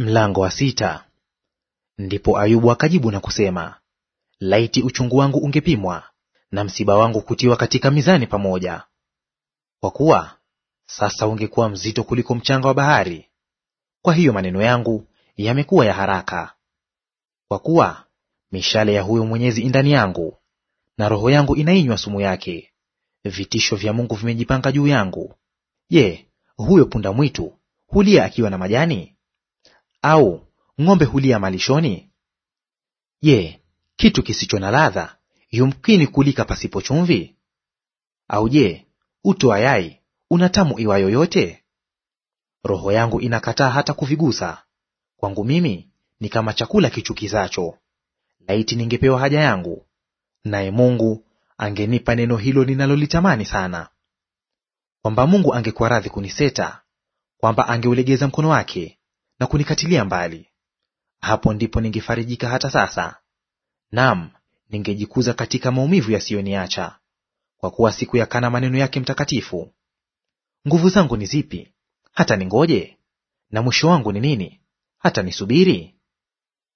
Mlango wa sita. Ndipo Ayubu akajibu na kusema, laiti uchungu wangu ungepimwa na msiba wangu kutiwa katika mizani pamoja! Kwa kuwa sasa ungekuwa mzito kuliko mchanga wa bahari, kwa hiyo maneno yangu yamekuwa ya haraka. Kwa kuwa mishale ya huyo Mwenyezi indani yangu, na roho yangu inainywa sumu yake. Vitisho vya Mungu vimejipanga juu yangu. Je, huyo punda mwitu hulia akiwa na majani? Au ng'ombe hulia malishoni? Je, kitu kisicho na ladha yumkini kulika pasipo chumvi? Au je, uto wa yai una tamu iwa yoyote Roho yangu inakataa hata kuvigusa; kwangu mimi ni kama chakula kichukizacho. Laiti ningepewa haja yangu, naye Mungu angenipa neno hilo ninalolitamani sana. Kwamba Mungu angekuwa radhi kuniseta, kwamba angeulegeza mkono wake na kunikatilia mbali. Hapo ndipo ningefarijika hata sasa, nam ningejikuza katika maumivu yasiyoniacha, kwa kuwa sikuyakana maneno yake mtakatifu. Nguvu zangu ni zipi hata ningoje? Na mwisho wangu ni nini hata nisubiri?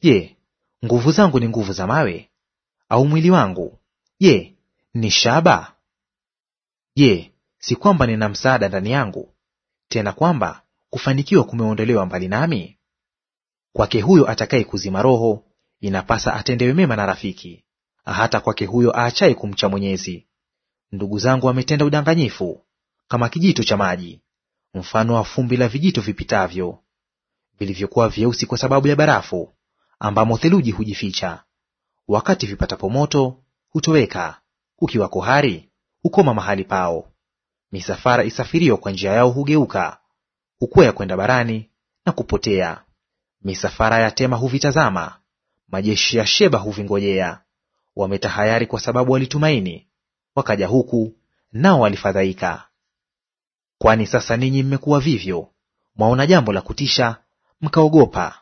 Je, nguvu zangu ni nguvu za mawe? Au mwili wangu, je, ni shaba? Je, si kwamba nina msaada ndani yangu, tena kwamba kufanikiwa kumeondolewa mbali nami? Kwake huyo atakaye kuzima roho, inapasa atendewe mema na rafiki, hata kwake huyo aachaye kumcha Mwenyezi. Ndugu zangu wametenda udanganyifu kama kijito cha maji, mfano wa fumbi la vijito vipitavyo, vilivyokuwa vyeusi kwa sababu ya barafu, ambamo theluji hujificha. Wakati vipatapo moto hutoweka, kukiwako hari hukoma mahali pao. Misafara isafiriyo kwa njia yao hugeuka, hukwea kwenda barani na kupotea. Misafara ya Tema huvitazama, majeshi ya Sheba huvingojea. Wametahayari kwa sababu walitumaini, wakaja huku nao walifadhaika. Kwani sasa ninyi mmekuwa vivyo, mwaona jambo la kutisha mkaogopa.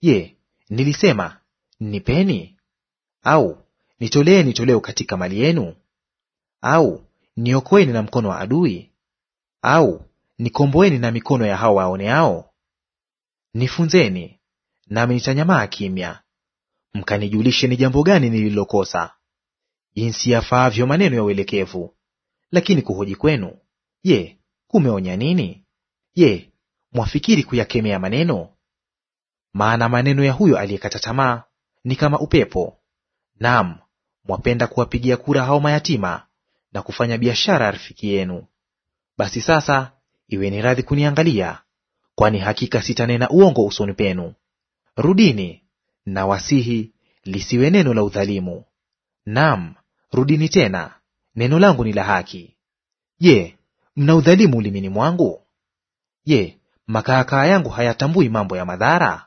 Je, nilisema nipeni? Au nitoleeni toleo katika mali yenu? Au niokoeni na mkono wa adui? Au Nikomboeni na mikono ya hao waoneao; nifunzeni, nami nitanyamaa kimya. Mkanijulishe ni jambo gani nililokosa, jinsi yafaavyo maneno ya uelekevu. Lakini kuhoji kwenu, je, kumeonya nini? Je, mwafikiri kuyakemea maneno? Maana maneno ya huyo aliyekata tamaa ni kama upepo. Naam, mwapenda kuwapigia kura hao mayatima na kufanya biashara rafiki yenu. Basi sasa iwe ni radhi kuniangalia, kwani hakika sitanena uongo usoni penu. Rudini, na wasihi lisiwe neno la udhalimu. Naam, rudini tena, neno langu ni la haki. Je, mna udhalimu ulimini mwangu? Je, makaakaa yangu hayatambui mambo ya madhara?